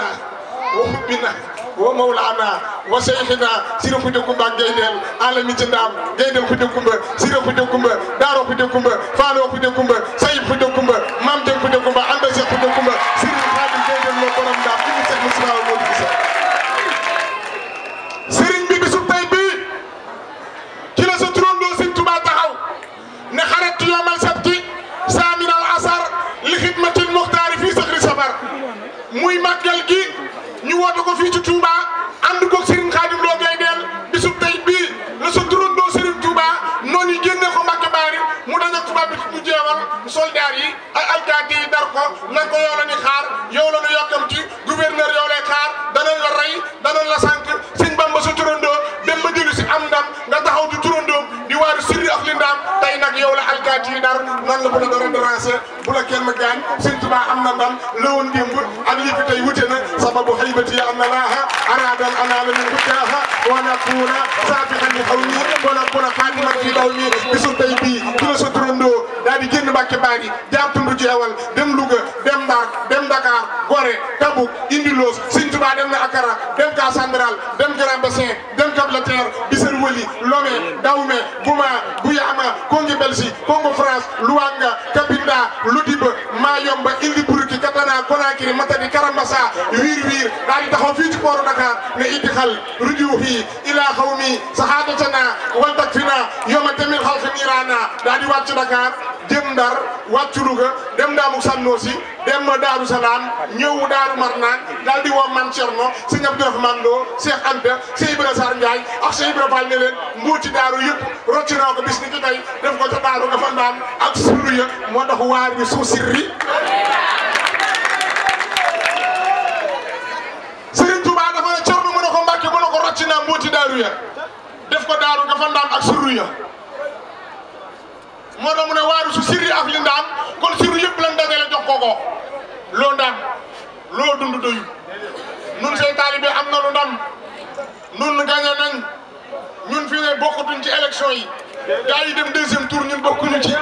وحبنا ومولانا وشيخنا سيرو فجو كومبا جيدل عالمي جندام جيدل فجو كومبا سيرو فجو كومبا دارو فجو كومبا فالو فجو كومبا سيب فجو كومبا مام جن فجو كومبا عند شيخ فجو كومبا سيرو خادم جيدل لو بروم دام دي شيخ مسلام مو دي شيخ سيرن بي بيسو تاي بي كي لا سو تروندو سيرن توبا تاخاو ne xarat yomal ko fii ci Touba ànd koog Serigne Khadim Lo Gaydel bisub tey bii la sa turandoo Serigne Touba noonu génne ko Mbacke Bari mu dañ ak tubaab bi mu jeewal soldaar yi ak alkaati yi dar ko nan ko yow la ni xaar yow la gàtt yi dar noonu la bu la i redressé bu la kenn gaañ sëñ Tuubaa am na ndam lawoon démb ak li fi tey wute na sababu xaybati yi am na a aradan anaala min huddaaha wa nakuna saabiqan li xaw nii wa nakuna faatiman fi daw nii bisu tey bii ki la sa turandoo daal di génn Mbàkke baagi jaar tundu jeewal dem Louga dem Mbaar dem Dakar Gorée Tabuk Indilos sëñ Tuubaa dem na Akara dem Kaa Sandral dem Grand Bassin dem Cap Libertaire Bichri Wely Lomé Dahomey Chelsea Congo France Luanga Cabinda Lodiba Mayomba Ildiburiti Katana Conakry Matadi Karambassa wiir wiir daal di taxaw fii ci port Dakar ne itti xal rujuuxi ilaa xawmi wàcc Dakar jëm Ndar dem Daaru Sannoosi dem Daaru Salaam ñëw Daaru Marnaan daal di woo Mame Cerno Sëñ Abdou Rahmane Lo Cheikh Anta Cheikh Ibra Sarr Ndiaye ak Cheikh Ibra Fall ne leen mbuuti daaru yëpp rocci naa ko bis ni ci def ko daaru nga fa ndaan ak sulu ya moo tax waar bi suuf si ri Sëriñ Tuubaa dafa Cerno mën a ko Mbàkke mën a ko rocci naa mbuuti daaru ya def ko daaru nga fa ndaan ak sulu su sirri ak li ndaan kon sirru yëpp lan dajale jox kookoo loo ndaan loo dund doyul nun say taalibe am na lu ndam nun gañe nañ ñun fi ne bokkatuñ ci élection yi gaa yi dem deuxième tour bokkuñu ci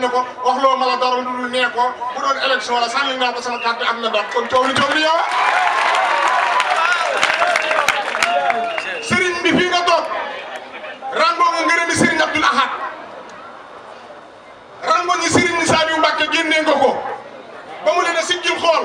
ne ko waxloo ma la dara lu ko bu doon élection la sànni naa ko sama carte am na ndax kon coow li coow li yow. Serigne bi fii nga toog rangoo nga ngërëmi Serigne Abdoul Ahad rangoo ñi Serigne Saliou Mbacke génnee ko ba mu leen a siggil xool.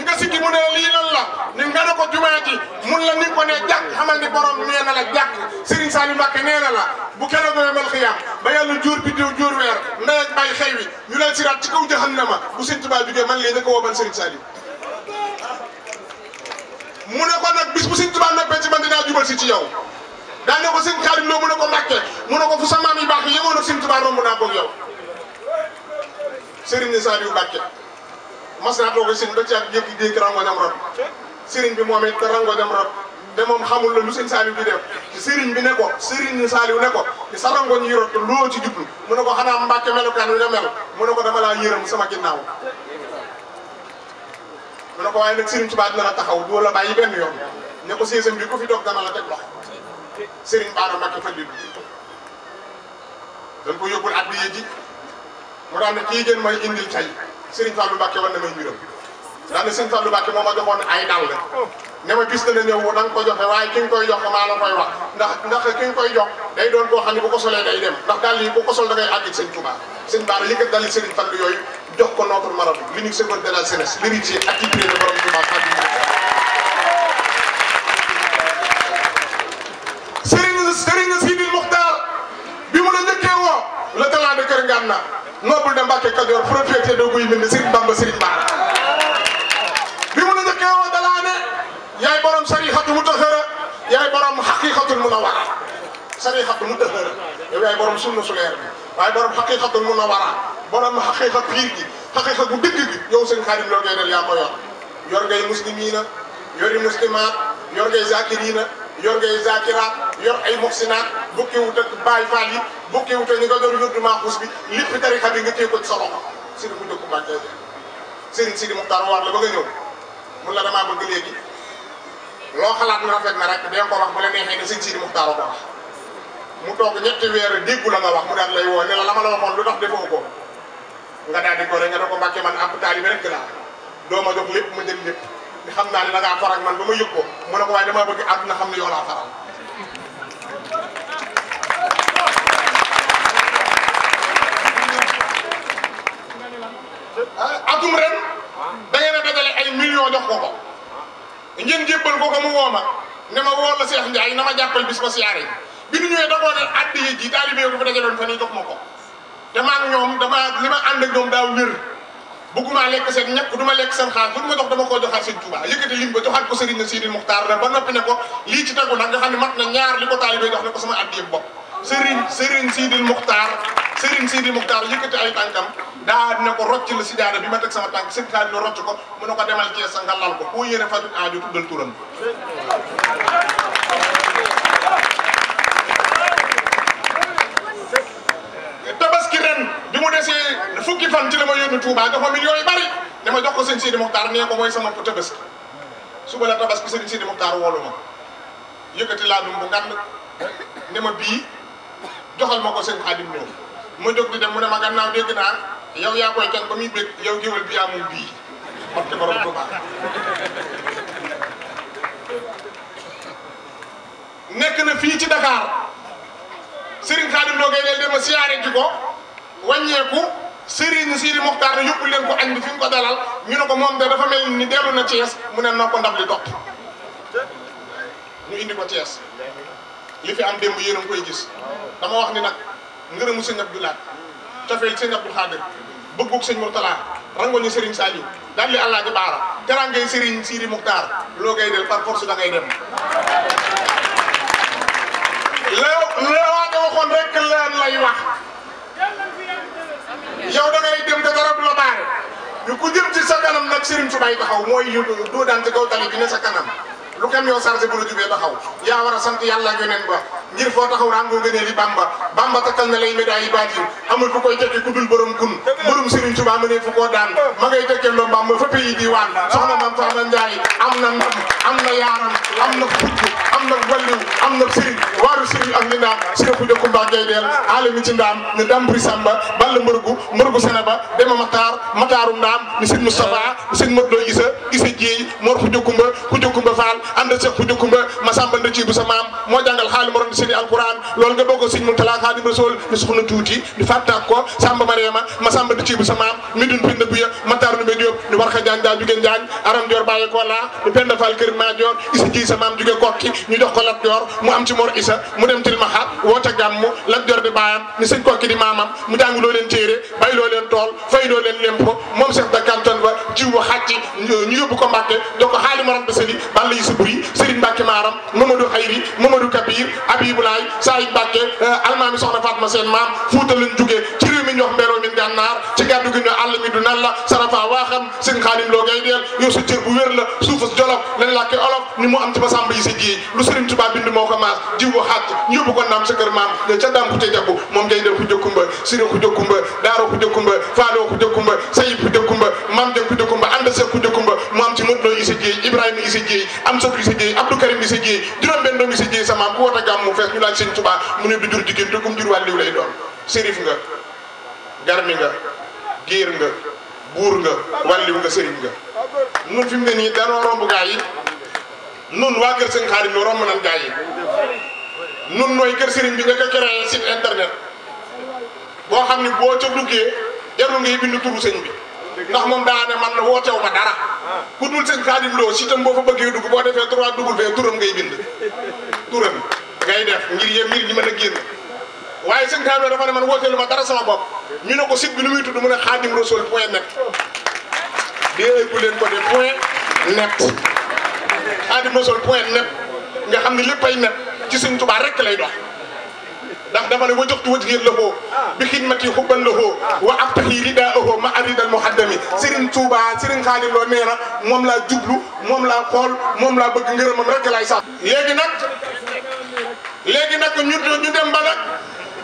nga sikki mu ne lii lan la ni nga ne ko jumaa mun la ni ko ne jàkk xamal ni borom nee na la jàkk Serigne Saliou Mbacké nee na la bu keroog mel xiyam ba yàlla jur bi diw jur weer ndey bay xëy ñu leen siraat ci kaw jahannama bu Serigne Touba jugee man lii njëkk a mu ne ko nag bis bu Serigne Touba noppee ci man dinaa jubal si ci yow daan ne ko Serigne Khadim Lo mu ne ko Mbacké mu ne ko fu sa maam yi baax yi yemoon ak Serigne Touba romb naa mas naa toog sëñ ba caat jékki jékki rangoñam rot sëriñ bi moom it rangoñam rot te moom xamul la lu sëñ Saliou di def sëriñ bi ne ko sëriñ Saliou ne ko sa rangoñ yi rot loo ci jublu mu ne ko xanaa mbàkke melukaan wi nga mel ne ko dama laa yërëm sama ginnaaw mu ne ko waaye nag sëriñ Tuubaa dina la taxaw doo la bàyyi benn yoon ne ko séesam bi ku fi doog dana la teg loxo sëriñ Baara Mbàkke Faliilu dañ ko yóbbul addiya ji mu daan ne kii gën may indil tey Serigne Fallou Mbacke war na may mbiram daal ne Serigne Fallou Mbacke moo ma joxoon ay dàll ne ma bis dana ñëw da nga ko joxe waaye ki koy jox maa la koy wax ndax ndax ki koy jox day doon boo xam ne bu ko solee day dem ndax daal yi bu ko sol da ngay àgg Serigne Touba Serigne Bara yëkkat daal Serigne Fallou yooyu jox ko notre marabout l'unique secrétaire de la jeunesse l'héritier attitré de borom Touba Serigne am na noble de Mbacké Kajoor propriété de Guy Mbind Serigne Bamba Serigne Bara bi mu la njëkkee woo dalaa ne yaay borom sarixatu mutahara yaay borom xaqiqatul munawara sarixatu mutahara yow yaay borom sunna su leer bi waaye borom xaqiqatul munawara borom xaqiqa piir gi xaqiqa bu dëgg gi yow seen xarit loo ngay def yaa ko yor yor ngay muslimina yori muslimaat yor ngay zakirina yor ngay zakiraat yor ay bukki bokkeewut ak bay fali bukki bokkeewut ak ñi nga doon ma maaxuus bi lépp tarikha bi nga teeku solo ci sa dekk Sidi bu njëkk Mbàkke Sëriñ Sidi Muxtaar war la ba nga ñew mu la dama bëgg legi lo xalaat na rafet na rek dee ko wax bu la neexee ne Sëriñ Sidi Muxtaar ko wax mu tok ñetti wër degg la nga wax mu daal lay wo ne la lama la waxon lu tax defo ko nga daal di ko rek nga da ko Mbàkke man ab taalibe rek la do ma jox lepp ma jël lepp xam naa ne da ngaa farak man bama yekko mu ne ko way dama bëgg aduna xamni yo la faral Ah, atum ren da ngeen a dajale ay millions jox ko ko ngeen jébbal ko ko mu woo ma ne ma woo la Cheikh Ndiaye na ma jàppal bis ba siyaare bi nu ñëwee da koo ne addiya ji taalibe ko te maag ñoom dama li ma ànd ak ñoom daaw du ma lekk seen xaalis lu ma jox dama koo joxaat seen Tuubaa yëkkati lim ba joxaat ko Serigne Sidi nag xam mat na ñaar li ko taalibe jox ne ko sama addiya bopp Serigne Serigne Sidi Muxtaar Serigne Sidi Muxtaar yëkkati ay tànkam daa ne ko rocc la si daana bi ma teg sama tànk sëñ ko mu ne ko demal Cees sa nga ko boo yéene faju aajo tuddal turam tabaski ren bi fan ci la ma yónni Touba dafa millions yu bari ne ma jox ko sëñ Sidi nee ko mooy sama tabaski suba la tabaski sëñ Sidi Muxtaar woolu ma yëkkati laa dum bu ngand ne ma bii joxal ma ko sëñ Xaadim ma mu ne ma gannaaw dégg naa yow yaa koy teg ba muy bég yow géwél bi yaa moom bii barke borom Tuubaa nekk na fii ci Dakar Serigne Khadim Lo Gaye leen dama siyaare ji ko wàññeeku Serigne Sidi Mokhtar ne yóbbu leen ko añ bi fi nga ko dalal ñu ne ko moom de dafa mel ni dellu na Thiès mu ne noo ko ndab li topp indi ko Thiès li fi am démb yéen koy gis dama wax ni nag. ngeureum seigne Abdou Lahad cofeel sëñ Abdou Khadr bëggug sëñ Mourtala rangoñu seigne Saliou daal li Allah di baara terangé seigne siri Muxtaar lo ngay del par force da ngay dem loo loo waate waxon rek leen lay wax yow da ngay dem da garab du la baare ñu ku dem ci sa kanam nak Serigne su bay taxaw moy yu do dan ci kaw tali dina sa kanam lu kam yo sarse bu lu jube taxaw ya wara sante yalla ngeen ba ngir fo taxaw rangoo ngeen li Bamba Bamba takkal na lay médaille yi baat yi amul fu koy jëkke ku dul borom kun borom Serigne Touba ma ne fu koo daan ma ngay jëkke loo Bamba fa pays di waan soxna Mame am na ndam am na yaaram am na fukk am na walliw am na sëriñ waaru sëriñ ak mindaam sëriñ ku jëkku mbaa gay deel aalami ci ndaam ne dambri samba balla mbërgu mbërgu seneba dema mataar mataaru ndaam ni sin Moustapha ni sin Modou isa isa jéey mor ku jëkkumba ku jëkkumba faal ànd seex ku jëkkumba ma samba nda ci bu sa maam moo jàngal xaali morom di sëriñ alquran loolu nga doog a sëriñ Mountakha Khadimu Rasul ni soxna tuuti ni fàttaak ko samba mariama ma samba nda ci bu sa maam mi dun pinda bu ya mataar nu mbéy ni war xa jaan jaa jugéen jaan aram jor bàyyi ko la ni penda faal kër maajoor isa jéey sa maam jugee kokki ñu jox ko Lat Joor mu am ci Mor Isa mu dem Tilmaxa woote gàmmu Lat Joor di baayam ni sëñ kokki di maamam mu jàng loo leen téere bay loo leen tool fay loo leen lempo moom chef de canton ba jiw wa xàcc ñu yóbbu ko Mbàkke jox ko xaali maram ba sëli Balla yi subur yi Sëriñ Mbàkke maaram Mamadou Xayri Mamadou Kabir Abibulaay Saay Mbàkke euh, almaami soxna Fatma seen maam Fuuta lañ jugee ci réew mi ñu wax ci gàddu gi ñu àll mi du nan la bu wér la suufas jolof lu Serigne Touba bind moo ko maas jiw ko xàcc yóbbu ko naam sa kër maam ne ca daam ku ca jàpp moom jay dem ku jëkkumba siri ku jëkkumba daaro ku jëkkumba faadoo ku jëkkumba sayib ku jëkkumba maam jëg ku jëkkumba ànd sa jëkkumba mu am ci Modou Lo Issa Dieye Ibrahima am sof Issa Dieye Abdou Karim juróom benn doom Issa Dieye sa ku woote gàmm mu fees ñu laaj Serigne Touba mu ne du jur jigéen te kum jur wàlliw lay doon sérif nga garmi nga giir nun waa kër sëñ Xaadim ñu romb nan gaa yi nun nooy kër sëriñ bi nga ko créé site internet boo xam ni boo ca duggee jarul ngay bind turu sëñ bi ndax moom daa ne man wootew ma dara ku dul sëñ Xaadim Lo sitam boo fa bëggee dugg boo defee trois dugul fee turam ngay bind turam ngay def ngir yéen mbir ñi mën a génn waaye sëñ Xaadim Lo dafa ne man wooteelu ma dara sama bopp ñu ne ko site bi nu muy tudd mu ne Xaadim Rasul point net dee ku leen ko de point net xaadim rasul point net nga xam ne léppay net ci sëñ Tuubaa rekk lay dox ndax dama ne wajoxtu waj géen loxoo bi xidmati xubban loxoo wa ab taxi ridaaho ma aridal muhaddami Serigne Touba Serigne Khadim Lo nee na moom laa jublu moom laa xool moom laa bëgg ngërëmam rek laay sax léegi nag léegi nag ñu ñu dem ba nag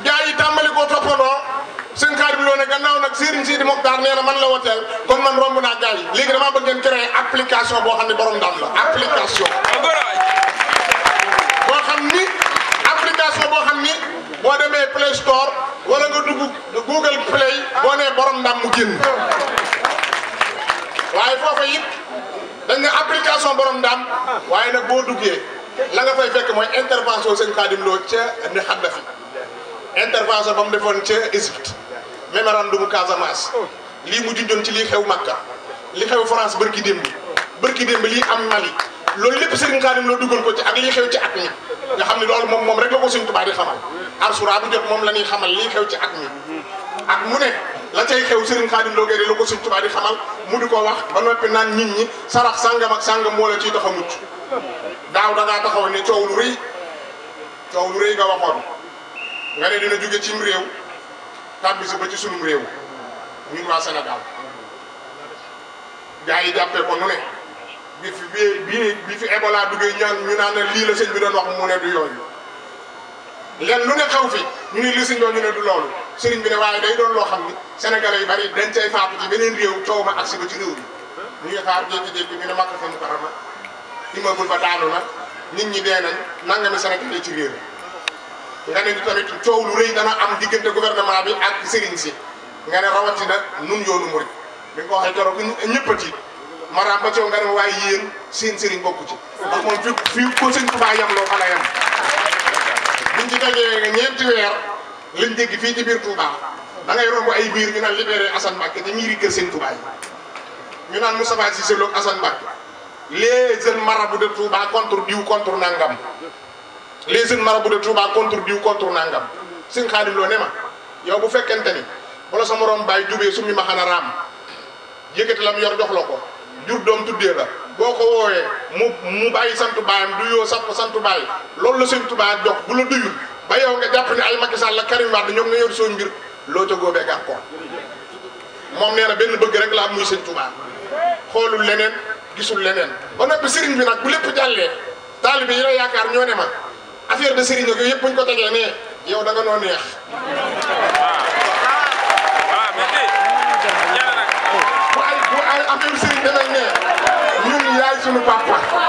gaa yi tàmbali koo toppandoo seen xaar bi loone gannaaw nag Serigne Sidi Mokhtar neena man la wotel kon man romb naa gars yi léegi damaa bëgg ngeen créer application boo xam ne borom ndam la application. boo xam ni application boo xam ni boo demee Play Store wala nga dugg Google Play boo nee borom ndam mu génn waaye foofa it dañ ne application borom ndam waaye nag boo duggee la nga fay fekk mooy intervention sëñ Xaadim Lo ca ne xadda fi intervention ba mu defoon ca Égypte mémorandum Casamance lii mu junjoon ci lii xew Makka li xew France bërki démb bërki démb lii am Mali loolu lépp Serigne Khadim loo duggal ko ci ak xew ci at mi nga xam ne loolu moom moom rek la ko Serigne Touba di xamal arsura bu jot moom la ñuy xamal lii xew ci at mi ak mu la cay xew Serigne Khadim loo gee la ko Serigne Touba di xamal mu di ko wax ba noppi naan nit ñi sarax sanga ak sàngam moo la ciy tax a mucc daaw da ngaa taxaw ne coow lu rëy coow lu rëy nga waxoon nga ne dina jóge cim réew tàbbisi ba ci sunum réew ñun waa Sénégal gaa yi jàppee ko nu ne bi fi bi bii fi Ebola duggee ñan ñu naan lii la sëñ bi doon wax mu ne du yooyu len lu ne xew fi ñu ne li sëñ doon ñu ne du loolu sëriñ bi ne waaye day doon loo xam ni sénégalais yu bari dañ cay faatu ci beneen réew coow ma agsi ba ci réew mi ñu ngi xaar jékki-jékki ñu ne Makka fa mu karama immeuble ba daanu na nit ñi dee nañ nangami sénégalais ci réew nga ne tamit coow lu rëy dana am diggante gouvernement bi ak sëriñ si nga ne rawatina nun yoonu murit bi nga ko waxee keroog ñëpp a tiit maanaam ba coow nga ne waaye yéen seen sëriñ bokku ci ndax moom fi fii ko sëñ Tuubaa yam loo fa la yam buñ ci dajee nga ñeenti weer lañ dégg fii ci biir Touba da ngay romb ay biir ñu naan libéré Assane Mbacké te miiri kër sëñ Touba yi ñu naan Moustapha Cissé Lo Assane Mbacké les jeunes marabouts de Touba contre diw contre nangam les marabu marabouts de Touba contre diw contre nangam sëñ khadim lo ne yow ya, bu fekente ni wala sa morom bay jubee ya, sumi ma xana ram yëkkati lam yor dox lako jur doom la boko woyé mu mu santu bayam du yo sapp santu bay lolou la sëñ Touba dox bu la duyul ba yow nga japp ni ay makissal la Karim wad ñom nga yor soo mbir ca gobe gàkkoon ko mom neena benn bëgg rek la muy sëñ Touba xolul lenen gisul lenen ba noppi serigne bi nak bu lepp jalle taalibe yi la yaakaar ma affaire de Serigne ak yooyu yëpp bu ñu ko tegee ne yow da nga noo neex. Ah, bu ay bu ay affaire Serigne danañ ne ñun yaay sunu papa.